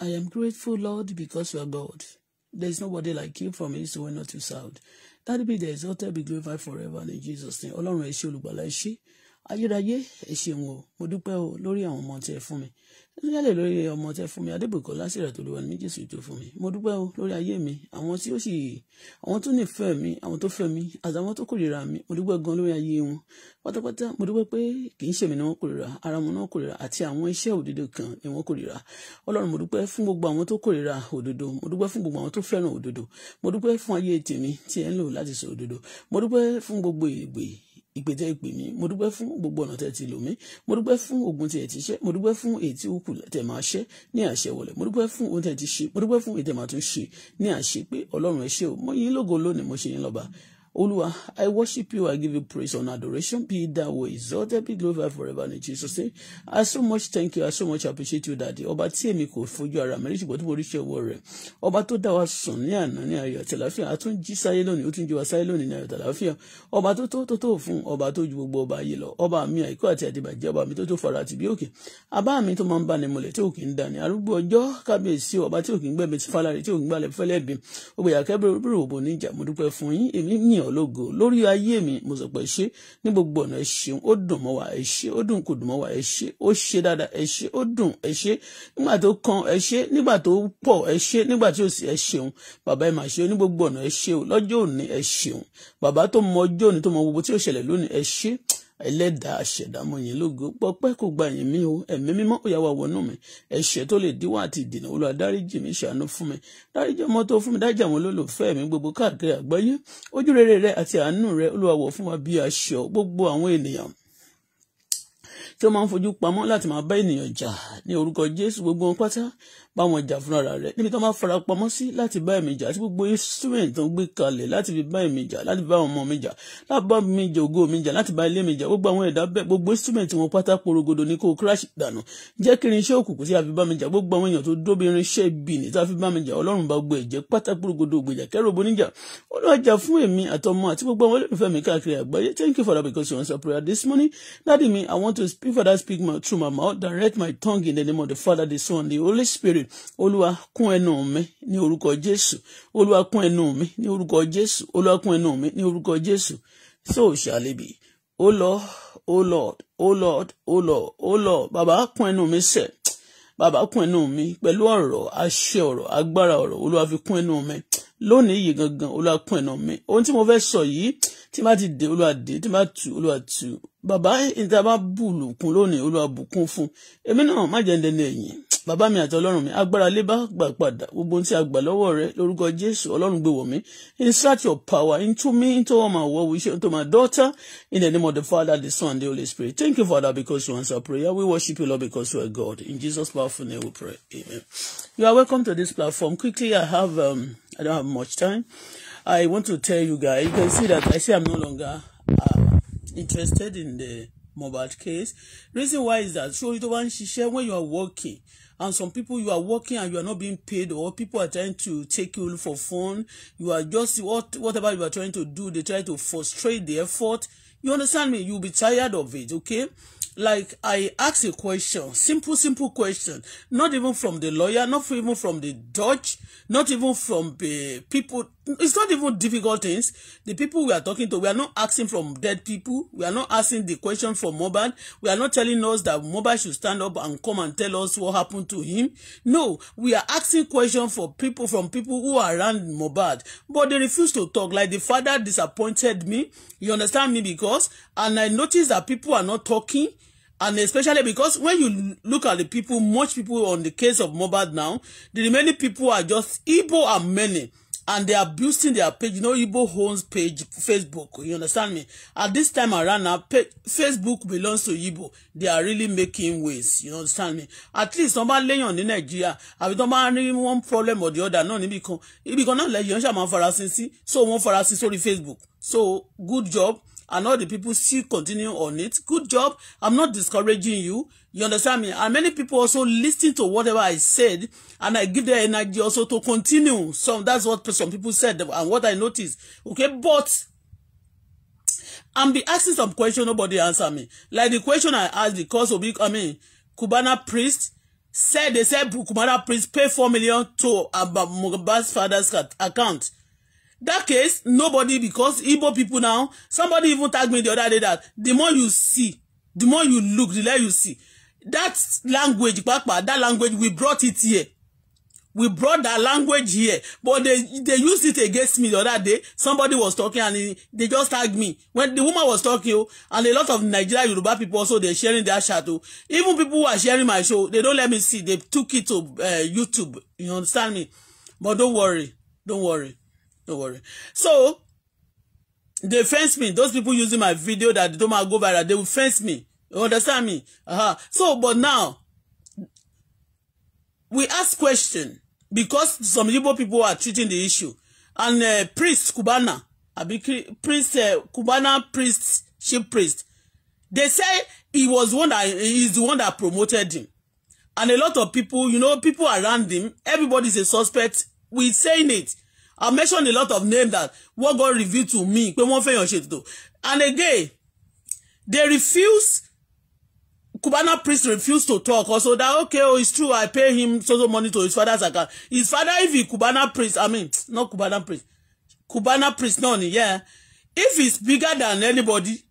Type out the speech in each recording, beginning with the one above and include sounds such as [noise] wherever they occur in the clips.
I am grateful, Lord, because you are God. There is nobody like you from east to west, north to south. That be the exalted, be glorified forever in Jesus' name. Ọlọ́run ẹ ayérayé ẹ ṣeun o mo dúpẹ́ o lórí àwọn ọmọ tí ẹ fún mi especially lórí ọmọ tí ẹ fún mi adébùkọ́lá sí ìrètò olúwa ní jésù tó fún mi mo dúpẹ́ o lórí ayé mi àwọn tí ó sì àwọn tó nífẹ̀ẹ́ mi àwọn tó fẹ́ mi àti àwọn tó kórìíra mi mo dúpẹ́ gan lórí ayé wọn pátápátá mo dúpẹ́ pé kì í ṣèmi ni wọ́n kórìíra ara wọn náà kórìíra àti àwọn iṣẹ́ òdodo kan ni wọ́n kórìíra ọlọ́run mo dúpẹ́ fún gbogbo àwọn tó kórìíra òdodo mo dúpẹ́ fún gbogbo àwọn tó fẹ́ràn òdodo mo dúpẹ́ fún ayé tèmi tí ẹ ń lò láti sọ òdodo mo dúpẹ́ fún gbogbo ìgbè ìpè tẹ́ ìpè mí mo dúpẹ́ fún gbogbo ọ̀nà tẹ́ ti lò mí mo dúpẹ́ fún ogun tí ẹ ti ṣe mo dúpẹ́ fún èyí tí ó kù tẹ́ máa ṣe ní àṣẹ wọlé mo dúpẹ́ fún ohun tẹ́ ti ṣe mo dúpẹ́ fún èyí tẹ́ máa tún ṣe ní àṣẹ pé ọlọ́run ẹ ṣé o mo yìn lógo lónìí mo ṣe yín lọ́ba Olua, I worship you, I give you praise and adoration. Be that way exalted, be glorified forever in Jesus' name. I so much thank you, I so much appreciate you, Daddy. Ọba tí èmi kò fojú ara mi rí ṣùgbọ́n tí mo rí ṣe ọwọ́ rẹ̀. Ọba tó dá wa sùn ni àná ní ayọ̀ àti àlàáfíà. A tún jí sáyé lónìí, ó tún jí wa sáyé lónìí ní ayọ̀ àti àlàáfíà. Ọba tó tó tó tó fún ọba tó ju gbogbo ọba ayé lọ. Ọba mi àìkú àti àdìbàjẹ́ ọba mi tó tó fara àti bí òkè. Àbá mi to máa ń bá ni mọ̀lẹ̀ tí ò kì í dání. Arúgbó ọjọ́ kábíyèsí ọba tí ò kì í gbẹ̀mí ti fálárì tí ò kì í gbàlẹ̀ fẹ́lẹ́ bí. Ògbèyà kẹ́bẹ̀rẹ̀ òbò mo dúpẹ́ fún yín. Èmi yìn yàn ológo lórí ayé mi mo sọ pé ẹ ṣé ní gbogbo ọ̀nà ẹ ṣeun ó dùn mọ́ wa ẹ ṣé ó dùn kò dùn mọ́ wa ẹ ṣé ó ṣe dáadáa ẹ ṣé ó dùn ẹ ṣé nígbà tó kan ẹ ṣé nígbà tó pọ̀ ẹ ṣé nígbà tí ò sí ẹ ṣeun bàbá ẹ mà ṣe ní gbogbo ọ̀nà ẹ ṣé o lọ́jọ́ òní ẹ ṣeun bàbá tó mọ ọjọ́ òní tó mọ gbogbo tí ò ṣẹlẹ̀ lónìí ẹ ṣé ẹlẹ́dàá àṣẹ̀dámọ̀ yẹn lógo pọ́pẹ́ kò gba yẹn mí o ẹ̀mí mímọ́ ó yà wá wọnú mi ẹ̀ṣẹ̀ tó lè díwọ́ àti ìdènà olúwa dáríjì mi ṣàánú fún mi dáríjì ọmọ tó fún mi dáríjì àwọn olólùfẹ́ mi gbogbo káàkiri àgbáyé ojú rere rẹ àti àánú rẹ olúwa wọ̀ fún wa bí aṣọ gbogbo àwọn ènìyàn tí ó máa ń fojú pamọ́ láti máa bá ènìyàn jà ní orúkọ jésù gbogbo wọn pátá bá wọn jà fúnra rẹ níbi tó máa fara pamọ́ sí láti bá èmi jà àti gbogbo instrument tó ń gbé kalẹ̀ láti fi bá èmi jà láti bá ọmọ mi jà láti bá mi jà ògo mi jà láti bá ilé mi jà gbogbo àwọn ẹ̀dá bẹ́ẹ̀ gbogbo instrument wọn pátá porogodo ní kó crash dànù jẹ́ kí irinṣẹ́ òkùnkùn tí a fi bá mi jà gbogbo àwọn èèyàn tó dóbi irinṣẹ́ bìnì tí a fi bá mi jà ọlọ́run bá gbọ́ ẹ̀jẹ̀ pátá porogodo ògbèjà kẹ́rù oníjà olúwa jà fún èmi àtọmọ àti gbogbo àwọn olólùfẹ́ mi káàkiri àgbáyé thank you for that because you answer prayer this morning daddy mi i want to Speak, Father, speak my, through my mouth. Direct my tongue in the name of the Father, the Son, the Holy Spirit. Olúwa kún ẹnu mi ní orúkọ Jésù. Olúwa kún ẹnu mi ní orúkọ Jésù. Olúwa kún ẹnu mi ní orúkọ Jésù. So shall it be. O Lord, O Lord, O Lord, O Lord, O Lord. Baba kún ẹnu mi sẹ̀. Baba kún ẹnu mi pẹ̀lú ọ̀rọ̀, àṣẹ ọ̀rọ̀, agbára ọ̀rọ̀. Olúwa fi kún ẹnu mi. Lónìí yìí gangan, Olúwa kún ẹnu mi. Ohun tí mo fẹ́ sọ yìí tí má ti dé olúwa tí má tu olúwa tu bàbá ìta bá bùlùkún lónìí olúwa fún èmi náà má jẹ́ ndẹ́ni ẹ̀yìn bàbá mi àti ọlọ́run mi agbára lé bá gbà padà gbogbo tí a gbà lọ́wọ́ rẹ lórúkọ jésù ọlọ́run gbé wọ̀ mí insert your power into me into all my work with into my daughter in the name of the father the son and the holy spirit thank you father because you answer prayer we worship you lord because you are god in jesus powerful name we pray amen you are welcome to this platform quickly i have um, i don't have much time. I want to tell you guys, you can see that I say I'm no longer uh, interested in the Mohbad case. Reason why is that so it one share when you are working and some people you are working and you are not being paid or people are trying to take you for fun. You are just what whatever you are trying to do, they try to frustrate the effort. You understand me? You'll be tired of it, okay? like I ask a question, simple, simple question, not even from the lawyer, not even from the judge, not even from the people. It's not even difficult things. The people we are talking to, we are not asking from dead people. We are not asking the question from Mohbad. We are not telling us that Mohbad should stand up and come and tell us what happened to him. No, we are asking questions for people from people who are around Mohbad, but they refuse to talk. Like the father disappointed me. You understand me because and I notice that people are not talking and especially because when you look at the people much people on the case of Mohbad now the remaining people are just Igbo and many and they are boosting their page you know Igbo owns page Facebook you understand me at this time around now Facebook belongs to Igbo they are really making ways. you understand me at least tọ́n bá léyàn ní Nàìjíríà àbí tọ́n bá ní one problem or the other náà níbi kan ibi kan náà lẹ́yìn ọ̀ṣà máa farasin sí so wọ́n farasin sórí Facebook so good job and all the people still continue on it. Good job. I'm not discouraging you. You understand me? And many people also listen to whatever I said, and I give their energy also to continue. So that's what some people said and what I noticed. Okay, but I'm be asking some question, nobody answer me. Like the question I ask because of I mean, Cubana priest said they said Cubana priest pay four million to Abba Mugabe's father's account that case nobody because Igbo people now somebody even tagged me the other day that the more you see the more you look the less you see that language papa that language we brought it here we brought that language here but they they used it against me the other day somebody was talking and he, they just tagged me when the woman was talking oh, and a lot of Nigeria Yoruba people also they're sharing their shadow oh. even people who are sharing my show they don't let me see they took it to uh, YouTube you understand me but don't worry don't worry don't worry so they fence me those people using my video that they don't go viral they will fence me you understand me uh-huh. so but now we ask question because some Igbo people are treating the issue and uh, priest Kubana, abi priest uh, Cubana priest chief priest they say he was one that he's the one that promoted him and a lot of people you know people around him everybody's a suspect we saying it I mentioned a lot of names that what God revealed to me pé wọ́n fẹ́yàn ṣe ètùtù and again they refuse Kubana priest refused to talk also that okay oh it's true I pay him so so money to his father's account his father if he Kubana priest I mean [tsk] not Kubana priest Kubana priest no, ni yeah if he's bigger than anybody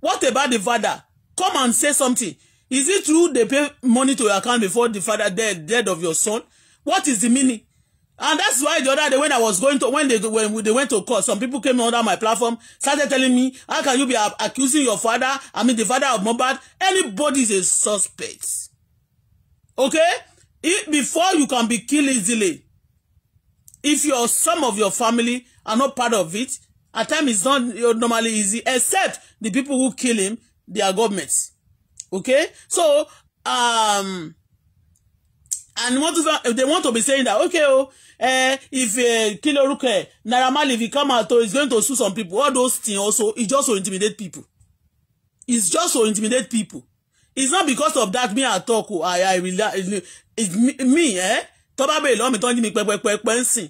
what about the father come and say something is it true they pay money to your account before the father dead dead of your son what is the meaning And that's why the other day when I was going to when they when they went to court, some people came under my platform, started telling me, "How can you be accusing your father? I mean, the father of Mohbad. Anybody is a suspect. Okay, if, before you can be killed easily, if your some of your family are not part of it, at times it's not normally easy, except the people who kill him, they are governments. Okay, so um, and what if they want to be saying that okay, oh." eh, if uh, kí lorúkọ ẹ̀ if he come out oh, he's going to sue some people all those things also it's just to so intimidate people it's just to so intimidate people it's not because of that me at talk o oh, i i rely it's me, eh tọ́ba bèrè lọ́mì tán jí mi pẹ́pẹ́pẹ́pẹ́ ń sìn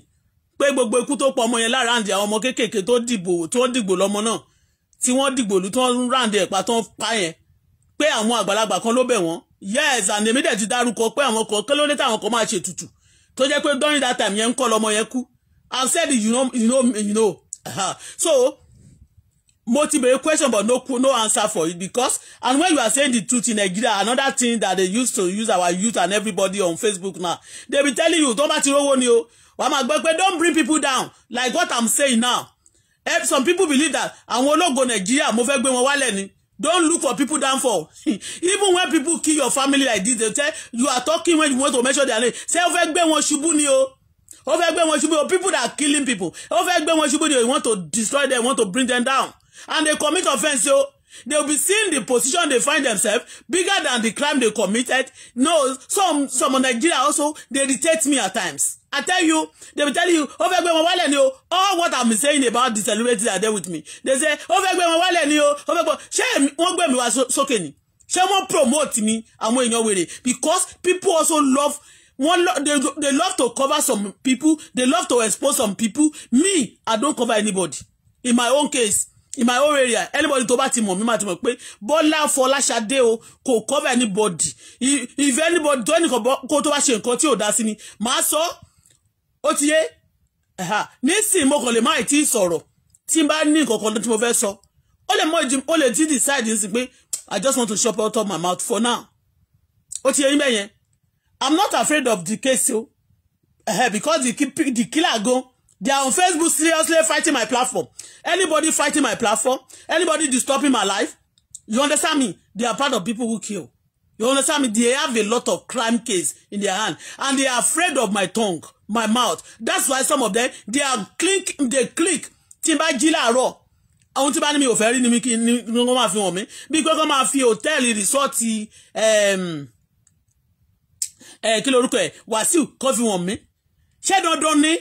gbogbo ikú tó pọ̀ ọmọ yẹn lára àǹdí àwọn ọmọ kéékèèké tó dìbò tó ń dìgbò lọ́mọ náà tí wọ́n dìgbò lù tó ń ráǹdí pa yẹn pé àwọn àgbàlagbà kan ló bẹ̀ wọ́n yes and èmi dẹ̀ ti dárúkọ pé kan kí ló dé táwọn kan máa ṣètùtù tó jẹ́ pé during that time yẹn ń kọ́ lọ́mọ yẹn kú i said you know you know you know so mo ti bèrè question but no no answer for it because and when you are saying the truth in Nigeria another thing that they used to use our youth and everybody on Facebook now they be telling you don't bá ti ni o wàá máa gbọ́ pé don't bring people down like what i'm saying now eh, some people believe that àwọn ológo Nigeria mo fẹ́ gbé wọn wálẹ̀ ni Don't look for people downfall. [laughs] Even when people kill your family like this, they tell you are talking when you want to mention their name. Say, ó fẹ́ gbé wọn ṣubú ni o. Ó fẹ́ gbé wọn People that are killing people. Ó fẹ́ gbé wọn ṣubú ni o. You want to destroy them, want to bring them down. And they commit offense, o. They'll be seeing the position they find themselves bigger than the crime they committed. No, some some on Nigeria also they irritate me at times. I tell you, they will tell you, ó fẹ́ gbé wọn wálẹ̀ all what I'm saying about the celebrities are there with me. They say, "Oh, fẹ́ gbé wọn wálẹ̀ ni o, ó fẹ́ gbé ṣé wọ́n gbé mi wá sókè ni? Ṣé wọ́n promote Because people also love one lo they, they love to cover some people, they love to expose some people. Me, I don't cover anybody. In my own case, in my own area anybody to bá ti mọ̀ mi máa ti mọ̀ pé Bọ́lá Fọláṣadé o kò cover anybody if anybody tó ẹnìkan kó tó bá ṣe nǹkan tí ò dá sí ni màá sọ ó ti yé nísìnyí mo kàn lè má ti sọ̀rọ̀ tí n bá ní nǹkan mo fẹ́ sọ ó lè mọ ìjì ó ti decide ní sí I just want to shut out of my mouth for now ó ti yé yín bẹ́yẹn I'm not afraid of the case o uh, because the, the killer gan They are on Facebook seriously fighting my platform. Anybody fighting my platform, anybody disturbing my life, you understand me? They are part of people who kill. You understand me? They have a lot of crime case in their hand and they are afraid of my tongue, my mouth. That's why some of them, they are click, they click. Timba n bá I want àwọn tí bá ní mi ò ni mi ni ngoma máa fi wọ̀n mi. Bí pé kọ́ máa fi hòtẹ́ẹ̀lì rìsọ́ọ̀tì eh, kí lorúkọ ẹ̀ Wàsíù kọ́ fi wọ̀n mi. Ṣé dandan ni?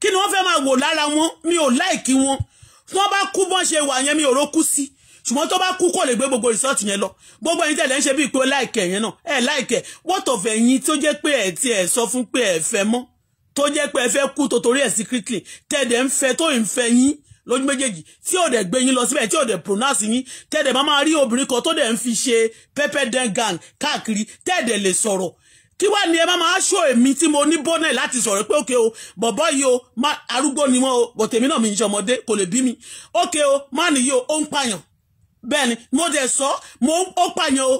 kí ni wọ́n fẹ́ máa wò lára wọn mi ò láìkí wọn wọ́n bá kú bọ́n ṣe wà yẹn mi ò rókú sí ṣùgbọ́n tó bá kú kò lè gbé gbogbo rìsọ́ọ̀tì yẹn lọ gbogbo ẹ̀yin tẹ̀lé ń ṣe bíi pé láìkẹ̀ yẹn náà ẹ̀ láìkẹ̀ wọ́tò fẹ̀yìn tó jẹ́ pé ẹ̀ ti ẹ̀ sọ fún pé ẹ̀ fẹ́ mọ́ tó jẹ́ pé ẹ fẹ́ kú tó torí ẹ̀ secretly tẹ̀dẹ̀ ń fẹ́ tó ń fẹ́ yín lójú méjèèjì tí ò dẹ̀ gbé yín lọ síbẹ̀ tí ò dẹ̀ pronounce yín tẹ̀dẹ̀ máa máa rí obìnrin kan tó dẹ̀ ń fi ṣe pepper den káàkiri tẹ̀dẹ̀ lè sọ̀rọ̀ kí wá ní ẹ má máa ṣó èmi tí mo ní bọ́nẹ̀ láti sọ̀rọ̀ pé òkè o bọ̀bọ́ yìí o arúgbó ni wọ́n o bọ̀tẹ̀mí náà mi ń ṣe ọmọdé kò lè bí mi òkè o má nìyí o ó ń pààyàn bẹ́ẹ̀ ni mo dẹ̀ sọ mo ó pààyàn o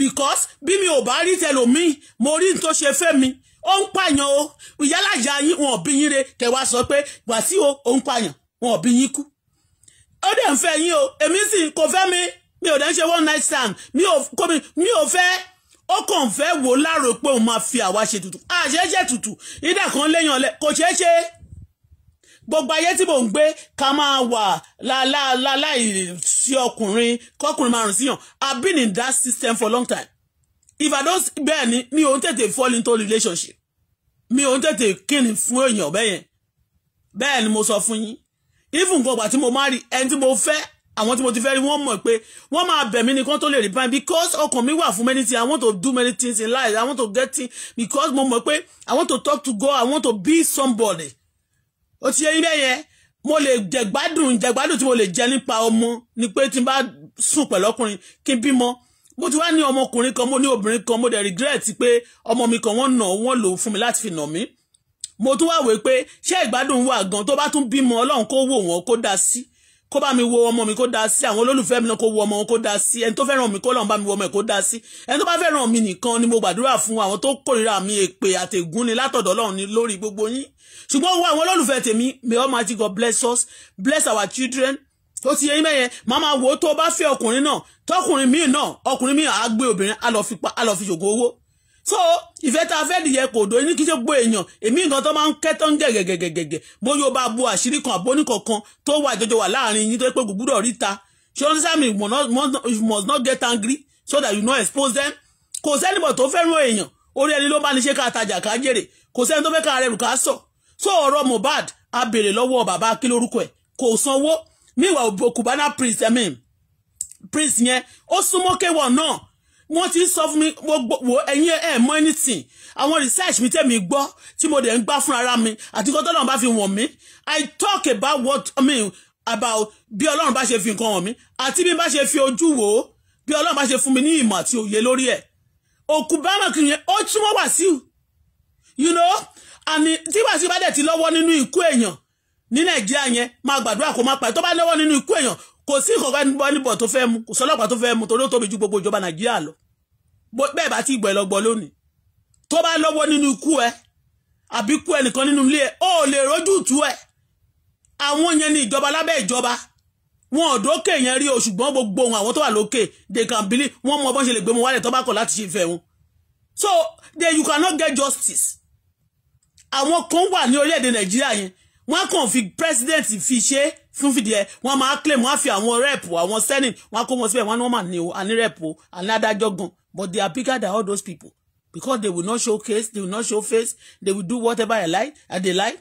because bí mi ò bá rí tẹlòmíì mo rí n tó ṣe fẹ́ mi ó ń pààyàn o ìyálàjà yín wọn bí yín re kẹwà sọ pé Wàsíù o ó ń pààyàn wọn ò bí yín kú ó dẹ̀ ń fẹ́ yín o èmi sì kò fẹ́ mi mi ò dẹ̀ ń ṣe one night stand mi ò kó mi mi ò fẹ́ ó kàn fẹ́ wò láàrò pé òun máa fi àwa ṣe tutù àṣeéṣe tutù ìdá kan léyàn lẹ kò ṣeé ṣe gbogbo ayé tí mò ń gbé ká máa wà láì sí ọkùnrin kọkùnrin márùn síyàn I've been in that system for a long time if I don't bẹ́ẹ̀ ni mi ò ń tètè fall into relationship mi ò ń tètè kíni fún èèyàn bẹ́yẹn bẹ́ẹ̀ ni mo sọ fún yín even gbogbo àti mo má rí ẹni tí mo fẹ́ àwọn tí mo ti fẹ́ rí wọ́n mọ̀ pé wọ́n máa bẹ̀ mí ni kán tó lè rí báyìí because ọkàn mi wà fún many things I want to do many things in life I want to get things because mo mọ̀ pé I want to talk to God I want to be somebody ó ti yẹ yín bẹ́ẹ̀ yẹn mo lè jẹ̀gbádùn jẹ̀gbádùn tí mo lè jẹ nípa ọmọ ni pé tí n bá sùn pẹ̀lú ọkùnrin kí n bímọ mo ti wá ní ọmọkùnrin kan mo ní obìnrin kan mo dẹ̀ regret pé ọmọ mi kan wọ́n nà wọ́n lò fún mi láti fi nà mí mo tún wá wèé pé ṣé ìgbádùn wà gan tó bá tún bímọ Ọlọ́run kó wò wọ́n kó dá sí kó bá mi wo ọmọ mi kó dá sí àwọn olólùfẹ́ mi náà kó wo ọmọ wọn kó dá sí ẹni tó fẹ́ràn mi kó lọ́n bá mi wo ọmọ ẹ̀ kó dá sí ẹni tó bá fẹ́ràn mi nìkan ni mo gbàdúrà fún àwọn tó kórìíra mi èpè àtẹ̀gún ni látọ̀dọ̀ Ọlọ́run ni lórí gbogbo yín ṣùgbọ́n owó àwọn olólùfẹ́ tèmi may Almighty God bless us bless our children ó ti yẹ yín mẹ́yẹn máa máa wò ó tó bá fẹ́ ọkùnrin náà tọkùnrin míì náà ọkùnrin míì àá gbé obìnrin á lọ fi ṣògo owó so ìfẹ́ tá a fẹ́ nìyẹn kò dó kí ṣe gbó èèyàn èmi nǹkan tó máa ń ń gẹ̀gẹ̀gẹ̀gẹ̀gẹ̀ o bá bu àṣírí kan àbóní kankan tó wà jọjọ wà láàrin yín tó pé ríta ṣé must not get angry so that you no expose them kò bọ̀ tó fẹ́ràn èèyàn orí ẹni ló bá ní ṣe ká tajà jèrè kò sẹ́ni tó fẹ́ ká rẹ̀ rùkà sọ so ọ̀rọ̀ wọ́n ti ń sọ fún mi gbogbo ẹ̀yin ẹ̀ mọ́ anything àwọn research mi tẹ̀mí gbọ́ tí mo dẹ̀ ń gbá fún ara mi àti nǹkan tọ́lọ́run bá fi wọ̀n mi I talk about what I mean about bí ọlọ́run bá ṣe fi nǹkan wọ̀n mi àti bí bá ṣe fi ojú wò ó bí ọlọ́run bá ṣe fún mi ní ìmọ̀ àti òye lórí ẹ̀ òkú bámọ̀ kì í yẹn ó túmọ̀ wá sí you know àní tí Wàsíù bá dẹ̀ ti lọ́wọ́ nínú ikú èèyàn ní Nàìjíríà yẹn máa gbàdúrà kó má pa tó bá lọ́wọ́ nínú ikú èèyàn kò sí kankan bọ́nìbọ̀ tó fẹ́ mu kò sọ́lọ́pàá tó fẹ́ mu torí ó tóbi ju gbogbo ìjọba nàìjíríà lọ bẹ́ẹ̀ bá ti ìgbọ̀ ẹ̀ lọ́gbọ̀ lónìí tó bá lọ́wọ́ nínú ikú ẹ àbí kú ẹnìkan nínú ilé ẹ ó lè rójú tú ẹ àwọn yẹn ní ìjọba lábẹ́ ìjọba wọn ò dókè yẹn rí o ṣùgbọ́n gbogbo ohun àwọn tó wà lókè they can believe wọ́n mọ bọ́n ṣe lè gbé wọn wálẹ̀ tó bá kọ̀ so they you cannot get justice àwọn kan wà ní orílẹ̀-èdè nàìjíríà president fi fún fìdí ẹ wọ́n máa claim wọ́n á fi àwọn rẹ́ẹ̀pù àwọn sẹ́nìn wọ́n á kó wọn síbẹ̀ wọ́n á ní wọ́n máa ní o àní rẹ́ẹ̀pù àní adájọ́ gan but they are bigger than all those people because they will not show case they will not show face they will do whatever they like and uh, they like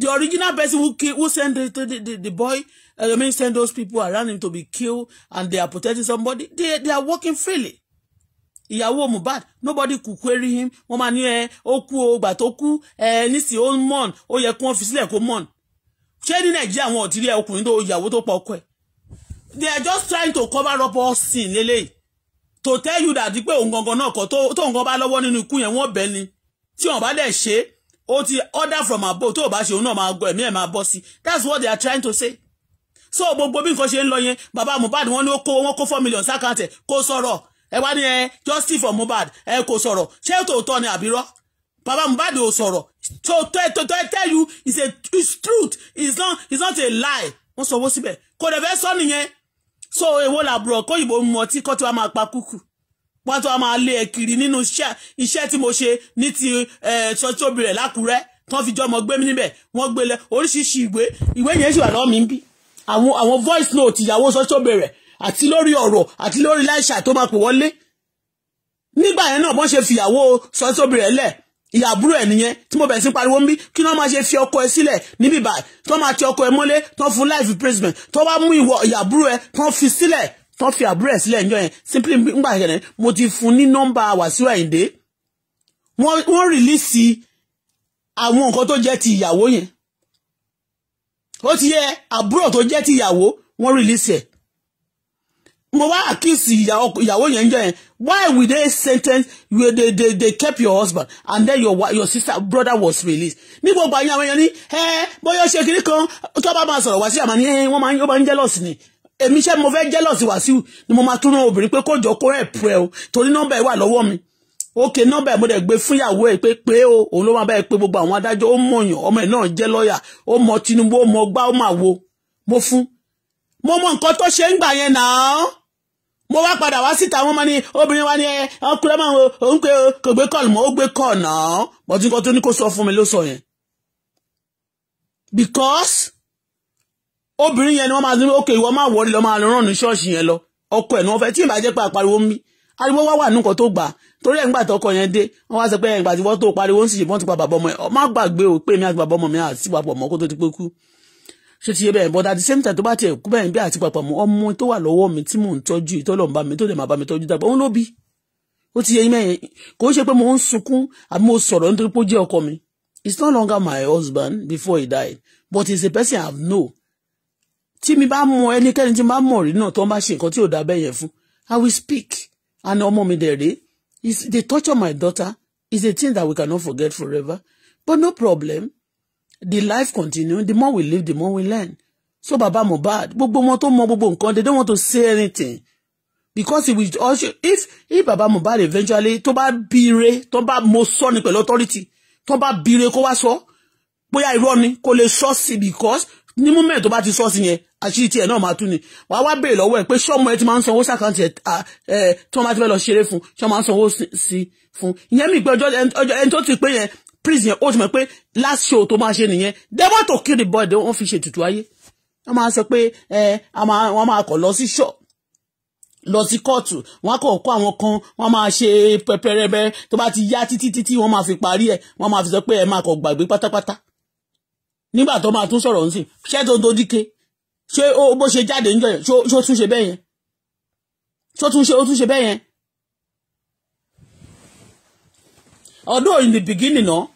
the original person who kill who send the the, the, the boy uh, I mean send those people around him to be killed and they are protecting somebody they they are working freely ìyàwó Mohbad nobody could query him wọ́n máa ní ẹ eh, ó kú o gbà tó kú ẹ eh, nísìnyí ó mọ̀n ó yẹ kí wọ́n fi sílẹ̀ kó mọ̀n ṣé ní nàìjíríà àwọn ọ̀tírí ẹ ọkùnrin tó ìyàwó tó pa ọkọ ẹ they are just trying to cover up all sin lélẹ́yìí to tell you that pé òun gangan náà kọ tó nǹkan bá lọ́wọ́ nínú ikú yẹn wọ́n bẹ̀ ni tí wọ́n bá dẹ̀ ṣe ó ti order from above tó o bá ṣe òun náà máa gbọ́ ẹ̀mí ẹ̀ máa bọ́ sí that's what they are trying to say so gbogbo bí nǹkan ṣe ń lọ yẹn bàbá Mohbad wọn ni ó kó wọn kó four million sákàtẹ̀ kó sọ̀rọ̀ ẹ wá ní ẹ justice for Mohbad ẹ kò sọ̀rọ̀ ṣé tòótọ́ ni àbírọ́ Baba Mohbad sọ̀rọ̀ so to to to tell you is a is truth is not is not a lie wọ́n sọ wọ́n síbẹ̀ kò dẹ̀ fẹ́ sọ nìyẹn so èwo làbúrò kóyìnbó mu ọtí kó tí wàá máa pa kúkú wọ́n tó wàá máa lé ẹ kiri nínú iṣẹ́ tí mo ṣe ní ti sọ́tóbi rẹ̀ lákùrẹ́ tán fi jọmọ gbé mi níbẹ̀ wọ́n gbé lẹ oríṣiríṣi ìwé ìwé yẹn sì wà lọ́ọ́ mi ń bí àwọn àwọn voice note ìyàwó sọ́tóbi rẹ̀ àti lórí ọ̀rọ̀ àti lórí láìṣà tó máa pè wọlé nígbà yẹn náà wọ́n ṣe fìyàwó sọ́tóbi rẹ̀ lẹ̀ ìyá àbúrò ẹ̀ nìyẹn tí mo bẹ̀rẹ̀ sí pariwo ń bí kí wọ́n máa ṣe fi ọkọ ẹ sílẹ̀ níbí báyìí tí wọ́n máa ti ọkọ ẹ mọ́lé tí wọ́n fún life imprisonment tí wọ́n bá mú ìwọ ìyá àbúrò ẹ tí wọ́n fi sílẹ̀ tí wọ́n fi àbúrò ẹ sílẹ̀ níjọ́ yẹn simply ngbà yẹn mo ti fún ní nọ́mbà Wàsíù Àyìndé wọ́n rìlíìsì àwọn nǹkan tó jẹ́ ti ìyàwó yẹn ó ti yẹ àbúrò tó jẹ́ ti ìyàwó wọ́n rìlíìsì ẹ̀ mo wá àkíyèsí ìyàwó yẹn jẹ́ yẹn why we dey sentence you they they dey kept your husband and then your your sister brother was released ní gbogbo àyìn àwọn yẹn ní ẹ bóyá ṣe kiri kan tó bá máa sọ̀rọ̀ wá sí àmà ní ẹ wọ́n máa ń jealous ni èmi ṣe mo fẹ́ jealous Wàsíù ni mo máa tún rán obìnrin pé kó jọ kó ẹ̀ pẹ́ o torí nọ́mbà ẹ̀ wà lọ́wọ́ mi ókè nọ́mbà ẹ̀ mo dẹ̀ gbé fúnyàwó ẹ̀ pé pé o òun ló máa bá ẹ pé gbogbo àwọn adájọ́ ó mọ̀yàn ọmọ ẹ̀ náà jẹ́ lọ́ọ̀yà ó mọ Tinubu ó mọ gbá ó máa wo mo fún mo mọ nǹkan tó ṣe ń gbà yẹn náà mo wá padà wá síta wọn máa ní obìnrin wa ní ẹ ọkùnrin máa ń pè kò gbé kọ́ọ̀lù mọ́ ó gbé kọ́ọ̀lù náà bọ́tú nǹkan tó ní kó sọ fún mi ló sọ yẹn because obìnrin yẹn ni wọ́n máa ní ókè ìwọ máa wọlé lọ máa rán ní ṣọ́ọ̀ṣì yẹn lọ ọkọ ẹ̀ ni wọ́n fẹ́ tí ìbàjẹ́ pé àpariwo ń mí ariwo wá wà nùkan tó gbà torí ẹ̀ǹgbà tọkọ yẹn dé wọ́n wá sọ pé ẹ̀ǹgbà tí wọ́n tó pariwo ń sì ṣe wọ́n ti pa bàbá ọmọ ẹ̀ má gbàgbé o pé mi àti bàbá ọmọ mi àti bàbá ọmọ kó tó ti pé kú ṣé ti ṣe bẹ́ẹ̀ but at the same time tó bá tiẹ̀ kú bẹ́ẹ̀ bí àti papọ̀ mọ́ ọmọ tó wà lọ́wọ́ mi tí mò ń tọ́jú ìtọ́lọ́mbà mi tó dẹ̀ máa bá mi tọ́jú dàgbà òun ló bí ó ti yẹ yín mẹ́yẹn kò ń ṣe pé mò ń sunkún àbí mo sọ̀rọ̀ nítorí pé ó jẹ́ ọkọ mi it's no longer my husband before he died but he's a person I know tí mi bá mọ ẹnikẹ́ni tí mi bá mọ̀ rí náà tó ń bá ṣe nǹkan tí ò dá bẹ́ẹ̀ yẹn fún I will speak and ọmọ mi dẹ̀ rèé they torture my daughter is a thing that we cannot forget forever but no problem the life continue the more we live the more we learn so baba Mohbad gbogbo wọn tó mọ gbogbo nǹkan they don't want to say anything because if also if if baba Mohbad eventually tó bá bire tó bá mo sọ ni pẹ̀lú authority tó bá bire kó wá sọ bóyá irọ́ ni kó lè sọ sí because ní moment tó bá ti sọ sí yẹn àṣírí tiẹ̀ náà máa tú ni wàá wá béèrè lọ́wọ́ ẹ̀ pé ṣọ́mọ ẹ ti máa ń sanwó ṣàkáǹtì ẹ̀ tí wọ́n bá ti fẹ́ lọ ṣeré fún ṣọ́mọ máa ń sanwó sí fún ìyẹn mi pé ẹni tó ti pé yẹn prison yẹn ó ti mọ̀ pé last show tó máa ṣe nìyẹn they want to kill the boy they wọ́n fi ṣe tutù ayé wọ́n máa sọ pé wọ́n máa kọ̀ lọ sí ṣọ́ọ̀ lọ sí kóòtù wọn kò kó àwọn kan wọn máa ṣe pẹpẹrẹbẹ tó bá ti yá títí títí wọn máa fi parí ẹ wọn máa fi sọ pé ẹ máa kọ gbàgbé pátápátá nígbà tó máa tún sọ̀rọ̀ nsìn ṣé tó tó díke ṣé ó bó ṣe jáde níjọ́ yẹn ṣó tún ṣe bẹ́ẹ̀ yẹn ṣó tún ṣe ó tún ṣe bẹ́ẹ̀ yẹn although in the beginning náà. No?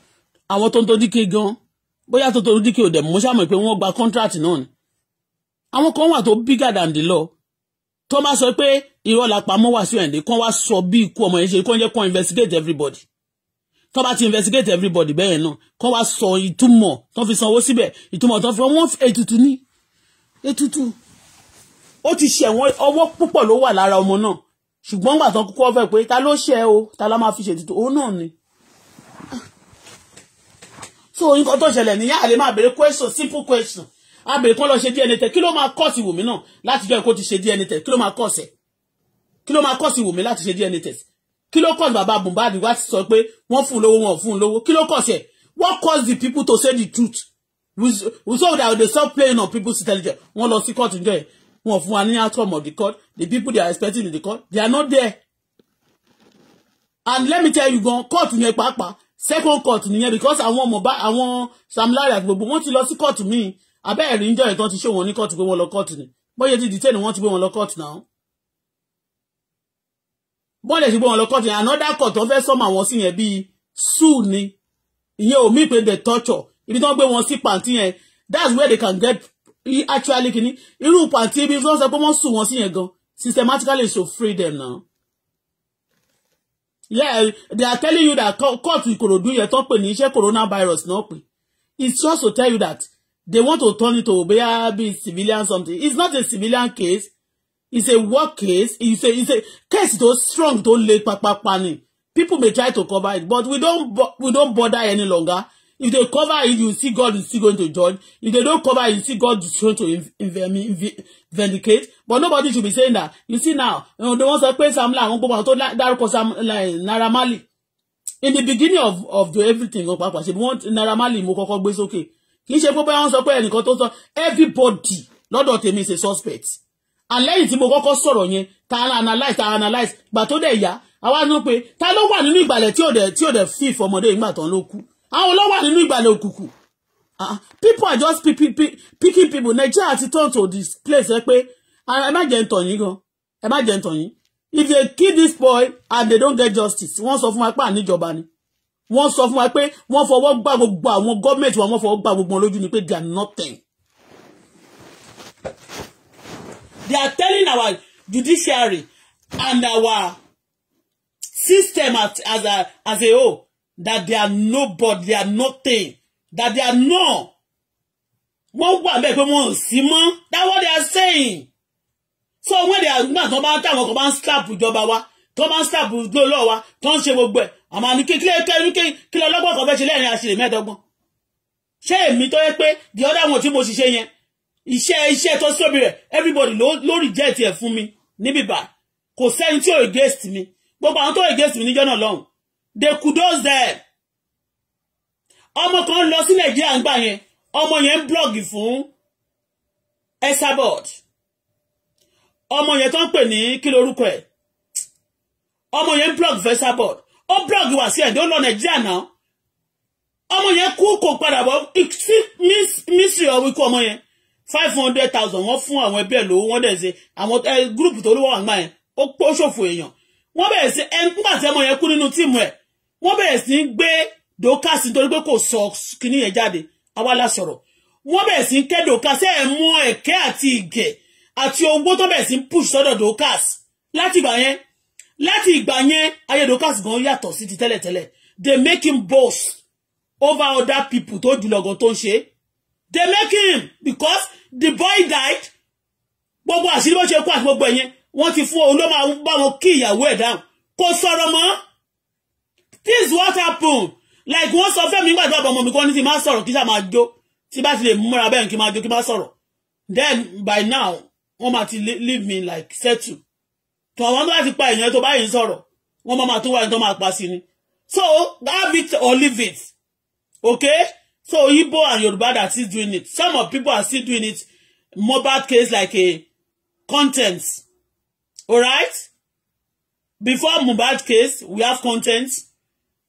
àwọn tó ń tó díkè gan bóyá tó tó díkè ò dẹ̀ mọ́ ṣàmọ̀ pé wọ́n gba contract náà ni àwọn kan wà tó bigger than the law tó máa sọ pé irọ́ la pamọ́ wá sí ẹ̀ǹdẹ́ kán wá sọ bí ikú ọmọ yẹn ṣe kán jẹ́ kán investigate everybody tó bá ti investigate everybody bẹ́ẹ̀ náà kán wá sọ ìtumọ̀ tó fi sanwó síbẹ̀ ìtumọ̀ tó fi wọ́n ètùtù ní ètùtù ó ti ṣe ẹ̀wọ̀n ọwọ́ púpọ̀ ló wà lára ọmọ náà ṣùgbọ́n gbà tán kúkọ́ fẹ́ pé ta ló ṣe o ta la máa fi ṣètùtù òun náà ni so nǹkan tó ṣẹlẹ̀ nìyá àlè máa béèrè question simple question àbèrè kan lọ ṣe DNA test kí ló máa kọ́ sí wùmí náà láti jọ ìkó ti ṣe DNA test kí ló máa kọ́ sẹ̀ kí ló máa kọ́ sí wùmí láti ṣe DNA test kí ló kọ́ sí bàbá Mohbad wá sọ pé wọ́n fún lówó wọn fún lówó kí what cause the people to say the truth we saw that they stop playing on people's intelligence wọ́n lọ sí court njọ́ ẹ̀ wọ́n fún wa ní outcome of the court the people they are expecting in the court they are not there and let me tell you gan court yẹn pàápàá second court nìyẹn because àwọn Mohbad àwọn Sam Larry àti gbogbo wọn ti lọ sí court míì abẹ́ẹ̀ rí níjọ́ ìtàn ti ṣe wọn ní court pé wọ́n lọ court ni bóyá ti detain wọ́n ti gbé wọn lọ court náà bọ́ọ̀lù ti gbé wọn lọ court ni another court wọ́n fẹ́ sọ́mọ àwọn sí yẹn bíi sue ni ìyẹn ò mí pé the torture ibi tí wọ́n gbé wọn sí pàǹtí yẹn that's where they can get actually kìíní irú pàǹtí ibi tí wọ́n sọ pé wọ́n sùn wọn sí yẹn gan systematically so free them now yeah they are telling you that court Ikorodu yẹn tó pè ní iṣẹ́ coronavirus náà pè it's just to tell you that they want to turn it to obeya be civilian something it's not a civilian case it's a war case it's a it's a case tó strong tó le papapa ni people may try to cover it but we don't we don't bother any longer If they cover it, you see God is still going to judge. If they don't cover it, you see God is going to vindicate. But nobody should be saying that. You see now, you know, the ones that pray Sam Larry, gbogbo tó dárúkọ Sam Naira Marley. In the beginning of, of the everything, pàápàá ṣe bí wọ́n Naira Marley okay. He said sókè. Kì í ṣe pé Everybody, sọ pé ẹnìkan tó sọ, is a suspect. And lẹ́yìn tí mo kọ́kọ́ sọ̀rọ̀ yẹn, ta analyze, ta analyze, But today, yeah, I want to pé ta ló wà nínú ìgbàlẹ̀ tí ò the tí ò dẹ̀ fi ìfọmọdé ìgbà tán àwọn olówó nínú ìgbàlẹ̀ òkùnkùn ah, people are just picking people Nigeria ti turn to this place ẹ eh, pé ah, ẹ má jẹ́ ntọ̀ yín gan ẹ má jẹ́ ntọ̀ yín if they kill this boy and they don't get justice wọ́n sọ fún wa pé àníjọba ni wọ́n sọ fún wa pé wọ́n fọwọ́ gbá gbogbo àwọn gọ́ọ̀mẹ̀ntì wọn wọ́n fọwọ́ gbá gbogbo wọn lójú ni pé they are nothing. they are telling our judiciary and our system as, as a as a whole that they are nobody they are nothing that they are no. wọ́n wà bẹ́ẹ̀ pé wọ́n ò mọ́ that's what they are saying so when they are gbà tó bá ń táwọn kan bá ń slap ìjọba wa tó bá ń slap lọ́lọ́ wa tó ń ṣe gbogbo ẹ̀ àmọ́ àní kí kílẹ̀ kẹ́rin kí kílẹ̀ ọlọ́gbọ̀n kan fẹ́ ṣe lẹ́yìn àṣìlè mẹ́ẹ̀ẹ́dọ́gbọ̀n ṣé èmi tó yẹ pé the other one tí mo ṣiṣẹ́ yẹn iṣẹ́ iṣẹ́ tó sóbi rẹ̀ everybody ló reject ẹ̀ fún mi níbí bá kò sẹ́ni tí ò against mi gbogbo àwọn tó against mi níjọ́ náà they kudos them ọmọ kan lọ sí nàìjíríà ń gbà yẹn ọmọ yẹn ń blọọgì fún Esabod ọmọ yẹn tó ń pè ní kí lorúkọ ẹ ọmọ yẹn ń blọọgì fún Esabod ó blọọgì wá sí ẹ̀ tó lọ nàìjíríà náà ọmọ yẹn kú kò padà bọ̀ sí mísírì ọwọ́ ikú ọmọ yẹn five hundred thousand wọ́n fún àwọn ẹbí ẹ̀ lówó wọ́n dẹ̀ ṣe àwọn eh, gúrùpù tó lówó àgbà yẹn ó ṣòfò èèyàn wọ́n bẹ̀rẹ̀ sí ẹ̀ nígbà tí ọmọ yẹn kú nínú tíìmù ẹ̀ wọ́n bẹ̀rẹ̀ sí ń gbé dókàsí nítorí pé kò sọ kíní yẹn jáde àwa la sọ̀rọ̀ wọ́n bẹ̀rẹ̀ sí ń kẹ́ dókàsí ẹ̀ mú ẹ̀kẹ́ àti ìgẹ̀ àti owó tó bẹ̀rẹ̀ sí ń push sọ́dọ̀ dókàsí láti ìgbà yẹn láti ìgbà yẹn ayé dókàsí gan yàtọ̀ sí ti tẹ́lẹ̀tẹ́lẹ̀ they make him boss over other people tó jùlọ gan tó ń ṣe they make him because the boy died gbogbo àṣírí bó ṣe kó àti gbogbo ẹ̀yẹn wọ́n ti fún òun ló máa bá wọn kí ìyàwó ẹ̀ dáhùn kò sọ̀rọ̀ mọ́ this what happen like wọ́n sọ fẹ́mi nígbà tó àbọ̀ ọmọ mi kọ́ ní ti máa sọ̀rọ̀ kí sá máa jó tí bá ti lè múra bẹ́ẹ̀ kí máa jó kí máa sọ̀rọ̀ then by now wọ́n máa ti leave me like settle to. àwọn tó bá ti pa èèyàn tó báyìí ń sọ̀rọ̀ wọ́n máa tún wá ẹni tó máa pa sí ni so have it or leave it okay so Igbo and Yoruba that is doing it some of people are still doing it Mohbad case like a contents. All right. before Mohbad case we have contents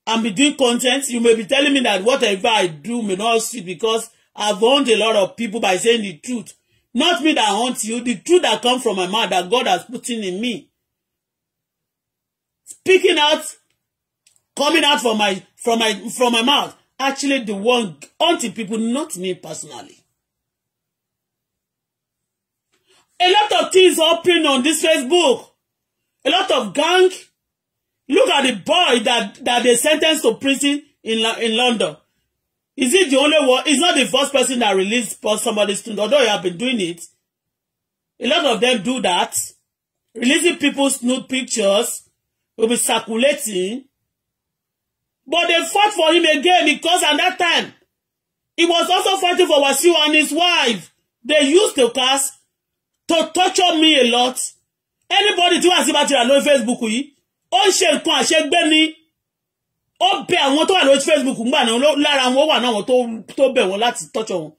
and be doing content, you may be telling me that whatever I do may not suit because I've owned a lot of people by saying the truth. Not me that haunts you, the truth that comes from my mouth that God has put in, in me. Speaking out, coming out from my from my from my mouth, actually the one haunting people, not me personally. A lot of things happening on this Facebook. A lot of gang Look at the boy that, that they sentenced to prison in, in London. Is it the only one? It's not the first person that released somebody's student, although he have been doing it. A lot of them do that. Releasing people's nude pictures will be circulating. But they fought for him again because at that time, he was also fighting for Wasiu and his wife. They used the cast to torture me a lot. Anybody do wàá sí bá ti rà lórí Facebook yìí ó ń ṣe nǹkan àṣegbé ni ó bẹ àwọn tó wà lórí Facebook ńgbà náà lára wọn wà náà tó bẹ̀ wọ́n láti tọ́jọ́ wọn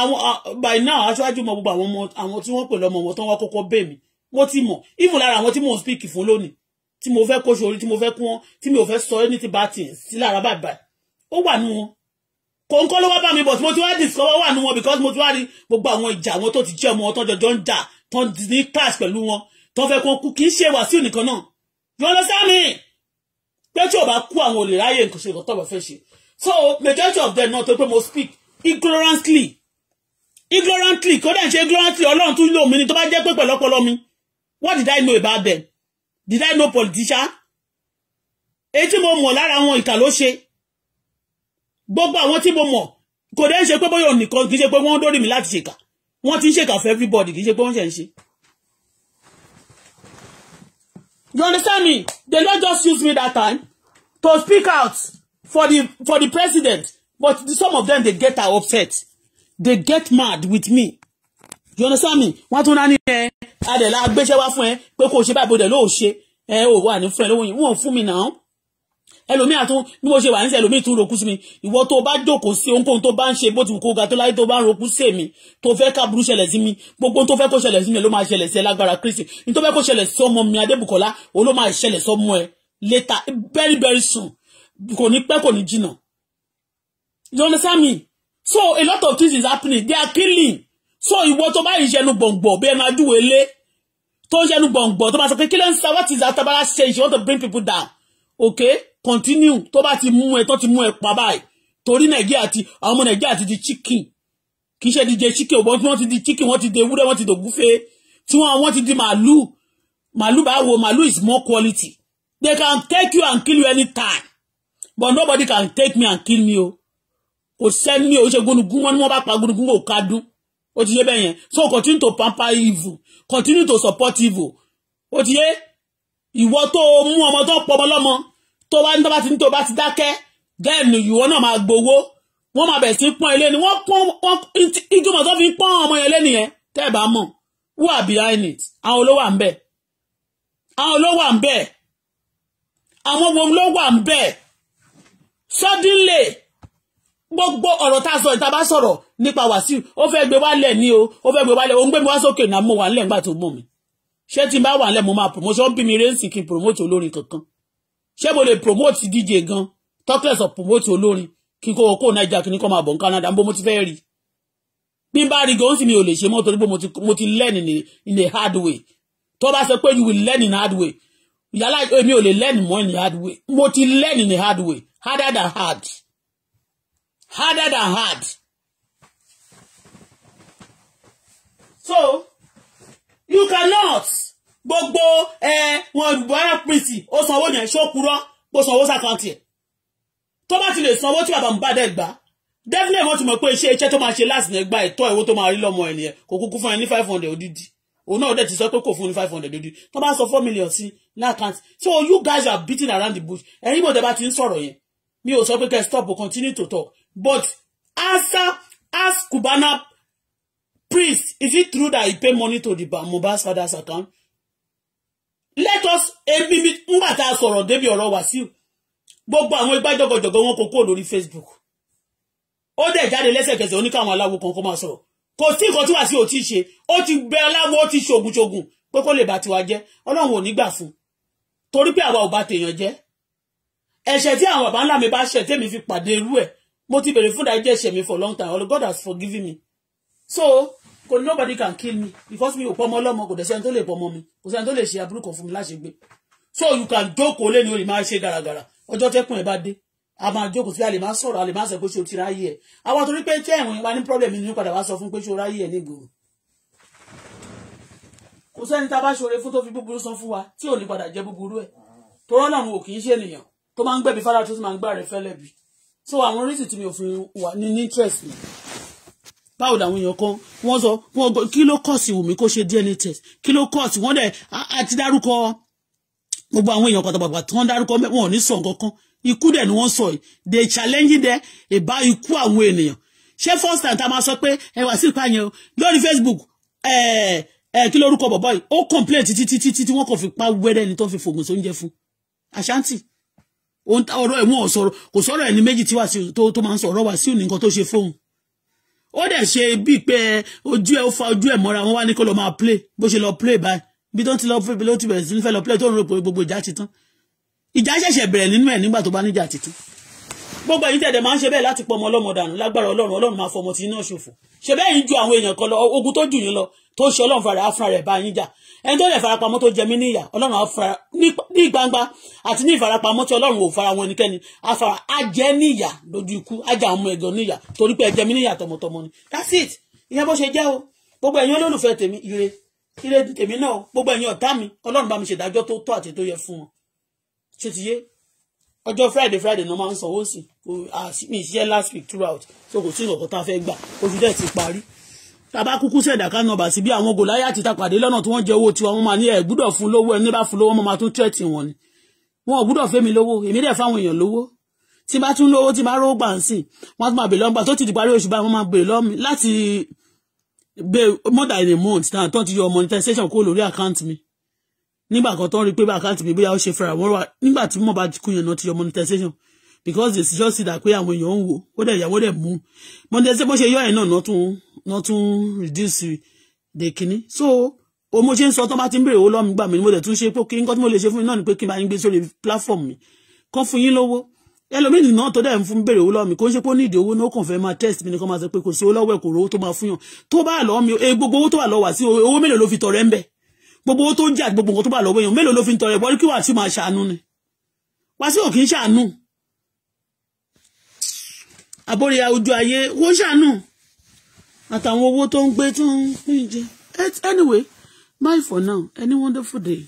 àwọn by now aṣáájú mọ gbogbo àwọn ọmọ àwọn tí wọ́n pè lọ́mọ wọn tó wá kọ́kọ́ bẹ̀ mí wọ́n ti mọ̀ even lára àwọn tí mò ń speak fún lónìí tí mo fẹ́ kó ṣe orí tí mo fẹ́ kún wọn tí mi ò fẹ́ sọ anything bad things sí lára bàbá ó wà nù wọn kòńkọ́ ló wá bá mi but mo ti wá discover wà nù wọn because mo ti wá rí gbogbo àwọn ìjà àwọn tó ti jẹ́ ọmọ wọn tó jọjọ́ ń jà tó ní class pẹ̀lú wọn tó fẹ́ kó kú kì í ṣe wàsíù nìkan náà you understand me pé tí o bá kú àwọn olè ráyè nǹkan ṣe nǹkan tó bá ṣe so majority of them náà tó pé mo speak ignorantly ignorantly kódà ń ṣe ignorantly ọlọ́run tún lò mí ni tó bá jẹ́ pé pẹ̀lú mi what did I know about them did I know politician èyí tí mo mọ̀ lára àwọn ìkà ló ṣe gbogbo àwọn tí mo mọ̀ kò dẹ́ ń ṣe pé bóyá òun nìkan kì í ṣe pé wọ́n dórí mi láti ṣèkà wọ́n ti ń ṣèkà for everybody kì í ṣe pé wọ́n ṣe ń ṣe. You understand me? They not just use me that time to speak out for the for the president. But some of them, they get upset. They get mad with me. You understand me? Wọ́n tún náà ní ẹ, eh, adẹ̀lá agbéṣẹ́ wá fún ẹ, pé kò ṣe báyìí bó dẹ̀ lóò ṣe, ẹ eh, ò wà ní fún ẹ lówó yìí, wọ́n fún mi ẹlòmíà tún bí mo ṣe wà nísìnyí ẹlòmíì tún rokú sí mi ìwọ tó o bá jókòó sí ohunkóhun tó bá ń ṣe bó ti wù kó ga tó láyé tó bá ń rokú sí èmi tó fẹ́ ká burú ṣẹlẹ̀ sí mi gbogbo tó fẹ́ kó ṣẹlẹ̀ sí mi ló máa ṣẹlẹ̀ sí ẹ lágbára Kristi ní tó fẹ́ kó ṣẹlẹ̀ sí ọmọ mi Adébùkọ́lá òun ló máa ṣẹlẹ̀ sọmọ ẹ later very very soon kò ní pẹ́ kò ní jìnà you understand me so a lot of things is happening they are killing so ìwọ tó bá yìí ṣẹnu gbọ̀ngbọ̀ bí ẹnu adúwèlé tó ń ṣẹnu gbọ̀ngbọ̀ tó what is that tabara you want to bring people down okay continue tó bá ti mú ẹ tó ti mú ẹ pa báyìí torí nàìjíríà ti àwọn ọmọ nàìjíríà ti di chicken kì í ṣe díje chicken òbọ̀ tí wọ́n ti di chicken wọ́n ti di ewúrẹ́ wọ́n ti dògúfe tí wọ́n ti di màálù màálù báwo màálù is more quality they can take you and kill you anytime but nobody can take me and kill me o kò sẹ́ni mi ò ṣe gúnugún wọn ni wọ́n bá pa gúnugún kò ká dún ó ti yé bẹ́ẹ̀ yẹn so continue to pamper evil continue to support evil ó ti yé ìwọ tó mú ọmọ tó pọ̀ ọmọ lọ́mọ tó bá ní tó bá ti ní tó bá ti dákẹ́ then ìwọ náà máa gbowó wọ́n máa bẹ̀ sí pọ́n ilé ni wọ́n pọ́n ìjùmọ̀ tó fi ń pọ́n ọmọ yẹn lẹ́nìyẹn tẹ́ ẹ̀ bá mọ̀ who are behind it àwọn olówó à ń bẹ̀ àwọn olówó à ń bẹ̀ àwọn olówó à ń bẹ̀ suddenly gbogbo ọ̀rọ̀ tá a sọ ìta bá sọ̀rọ̀ nípa Wàsíù ó fẹ́ gbé wálẹ̀ ni o ó fẹ́ gbé wálẹ̀ o ń gbé mi wá sókè náà mo wà nílẹ̀ nígbà tó mọ̀ mi ṣé tí n bá wà nílẹ̀ mo máa promotion bí mi rẹ́ǹsì kí n promote olórin kankan ṣé mo lè promote dj gan talk less of promote olórin kí n kó kó naija kí n kó máa bọ̀ ní Canada bó mo ti fẹ́ rí bí n bá rí gan sì mi ò lè ṣe mọ́ torí pé mo ti learn in a hard way tó bá sọ pé you will learn in hard way yálà èmi eh, ò lè learn more in a hard way mo ti learn in a hard way harder than hard harder than hard so you cannot gbogbo ẹ wọn Buhari prince ó sanwó yẹn ṣókúrọ́ kó sanwó sàkáǹtì ẹ̀ tó bá ti lè sanwó tí bàbá Mohbad gbà definitely wọ́n ti mọ̀ pé iṣẹ́ iṣẹ́ tó máa ṣe láti ní gba ẹ̀tọ́ ìwó tó máa rí lọ́mọ ẹni ẹ̀ kò kúkú fún ẹni ní five hundred odidi òun náà dẹ̀ ti sọ pé kò fún ní five hundred odidi tó bá sọ four million sí ní àkáǹtì so you guys are beating around the bush ẹ̀yin bò dẹ́ba ti ń sọ̀rọ̀ yẹn mi ò sọ pé kẹ́ stop continue to talk but answer ask Kubana priest is it true that he pay money to the Mohbad's father's account let us ebi mi ńgbà tá a sọ̀rọ̀ débi ọ̀rọ̀ Wàsíù gbogbo àwọn igbá jọgọjọgọ wọn kò kúrò lórí Facebook ó dẹ̀ jáde lẹ́sẹ̀kẹsẹ̀ oníkàwọn aláwo kan kó máa sọ̀rọ̀ kò sí nǹkan tí Wàsíù ò ti ṣe ó ti bẹ aláwo ó ti ṣoògùnṣoògùn pé kó lè bá tiwa jẹ́ Ọlọ́run ò ní gbà fún torí pé àwa ò bá tèèyàn jẹ́ ẹ̀ṣẹ̀ tí àwọn bàbá ńlá mi bá ṣẹ̀ tèmi fi pàdé irú ẹ̀ mo ti bèrè fún ìdájọ́ ẹ̀ṣẹ̀ mi for long time God has forgiven me so kò nobody can kill me because mi ò pọ ọmọ ọlọ́mọ kò dẹ̀ sẹ́ni tó lè pọ ọmọ mi kò sẹ́ni tó lè ṣe aburú kan fún mi láṣegbé so you can jókòó lẹ́nu olè máa ṣe gàràgàrà ọjọ́ tẹ́kùn ẹ̀ bá dé a máa jókòó sí àlè máa sọ̀rọ̀ àlè máa sọ pé ṣe o ti ráyè ẹ̀ àwa torí pé tí ẹ̀wọ̀n wa ní problem nínú padà wá sọ fún pé ṣe o ráyè ẹ̀ nígboro kò sẹ́ni tá a bá ṣoore fún tó fi búburú san fún wa tí ò ní padà jẹ́ búburú ẹ̀ torọ́ làwọn ò kì í ṣe ènìyàn tó máa ń gbẹ̀bí fara tó sì máa ń gbà rẹ̀ fẹ́lẹ̀ bí so àwọn oríṣi tí mi ò fi wà ní interest mi báwo làwọn èèyàn kan wọ́n sọ kí ló kọ́ọ̀sì wùmí kó ṣe DNA test kí ló kọ́ọ̀sì wọ́n dẹ̀ àti dárúkọ gbogbo àwọn èèyàn pàtàkì tí wọ́n dárúkọ wọn ò ní sọ nǹkan kan ikú dẹ̀ ni wọ́n sọ yìí they challenge dẹ̀ ìbá ikú àwọn ènìyàn ṣé first time tá a máa sọ pé ẹ wà sí ìpààyàn o lórí Facebook ẹ ẹ kí lórúkọ bọ̀bọ̀ yìí ó complain títí títí títí wọ́n kàn fi pa wẹ́rẹ́ ni tó fi fògùn sóúnjẹ fún Ashanti ọ̀rọ̀ ẹ̀ wọ́n sọ̀rọ̀ kò sọ̀rọ̀ ẹni méjì tí wà sí tó máa ń sọ̀rọ̀ wà sí òní nǹkan tó ṣe fóun ó dẹ̀ ṣe bíi pé ojú ẹ̀ ó fa ojú ẹ̀ mọ́ra wọn wá ní kó lọ máa play bó ṣe lọ play báyìí bí tó ń ti lọ fẹ́ ló ti bẹ̀rẹ̀ sí ní fẹ́ lọ play tó ń rò pé gbogbo ìjà ti tán ìjà ṣẹ̀ṣẹ̀ bẹ̀rẹ̀ nínú ẹ̀ nígbà tó bá níjà ti gbogbo ẹ̀yin tẹ̀dẹ̀ máa ń ṣe bẹ́ẹ̀ láti pọ̀ ọmọ ọlọ́mọ dànù lágbára ọlọ́run ọlọ́run máa fọmọ tí iná ṣòfò ṣe bẹ́ẹ̀ yín ju àwọn èèyàn kan lọ ogun tó jù yín lọ tó ṣe ọlọ́run fara afúnra rẹ̀ bá yín jà ẹni tó lè farapamọ́ tó jẹ mí níyà ọlọ́run afúnra ní gbangba àti ní ìfarapamọ́ tí ọlọ́run ò fara wọn ẹnikẹ́ni afara ajẹ́ níyà lójú ikú ajá àwọn ọmọ ẹ̀gàn níyà torí pé ẹ níyà tọmọtọmọ ni that's it ìyẹn bó ṣe jẹ́ o gbogbo ẹ̀yin olólùfẹ́ tèmi ire ire tèmi náà gbogbo ẹ̀yin ọ̀tá mi ọlọ́run bá mi ṣèdájọ́ tó tọ́ àti tó yẹ fún wọn ṣe ti yé ọjọ́ friday friday ni wọ́n máa ń sanwó sí mi ṣiṣẹ́ last week throughout so kò sí ìkọ̀kọ̀ tá a fẹ́ gbà oṣù dẹ̀ ti parí tàbá kúkú sí ẹ̀dá kan nọmba sí bí àwọn gòláyà ti tapàdé lọ́nà tí wọ́n jẹ owó tiwọn wọ́n máa ní ẹ̀ gbúdọ̀ fún lówó ẹni bá fún lówó wọ́n máa tún tẹ̀tì wọn ni wọn ò gbúdọ̀ fẹ́mi lówó èmi dẹ̀ fáwọn èèyàn lówó tí bá tún lówó tí bá rówó gbà ń sìn wọ́n á tún máa bèrè lọ́nba tó ti di parí oṣù báyìí wọ́n máa bèrè lọ́mi láti gbé more than a month náà tó ti yọ monetization kó lórí àkáǹtì mi nígbà kan tó ń rí pé àkáǹtì mi bóyá ó ṣe fẹ́ra wọ́n wà nígbà tí mo bá kú yẹn náà ti yọ monetization because they just see that pé àwọn èèyàn ń wò ó dẹ̀ ìyàwó dẹ̀ mú monetization bó ṣe yọ ẹ̀ náà náà tún náà tún reduce the kini so o mo ṣe ń sọ tó bá ti ń béèrè owó lọ́mú gbà mí mo dẹ̀ tún ṣe pé kí nǹkan tí mo lè ṣe fún yín náà ni pé kí n bá yín gbé sórí platform mi kán fún yín lówó ẹlòmíì náà tó dẹ̀ ń fún béèrè owó lọ́mí kò ń ṣe pé ó ní ìdí owó náà kàn fẹ́ máa test mi ni kàn máa sọ pé kò sí owó lọ́wọ́ ẹ̀ kò rówó tó máa fún yàn tó bá lọ́ọ́ mi eh, gbogbo owó tó wà lọ́wọ́ sí owó mélòó ló fi tọrẹ ń bẹ́ẹ̀ gbogbo owó tó ń jẹ àti gbogbo nǹkan tó bá lọ́wọ́ èèyàn mélòó ló fi ń tọrẹ wọ́n kí Wàsíù máa ṣàánú ni Wàsíù ò kì í ṣàánú àbóríyá ojú ayé wọ́n ṣàánú àtàwọn owó tó ń gbé tó ń pín jẹ anyway bye for now any wonderful day.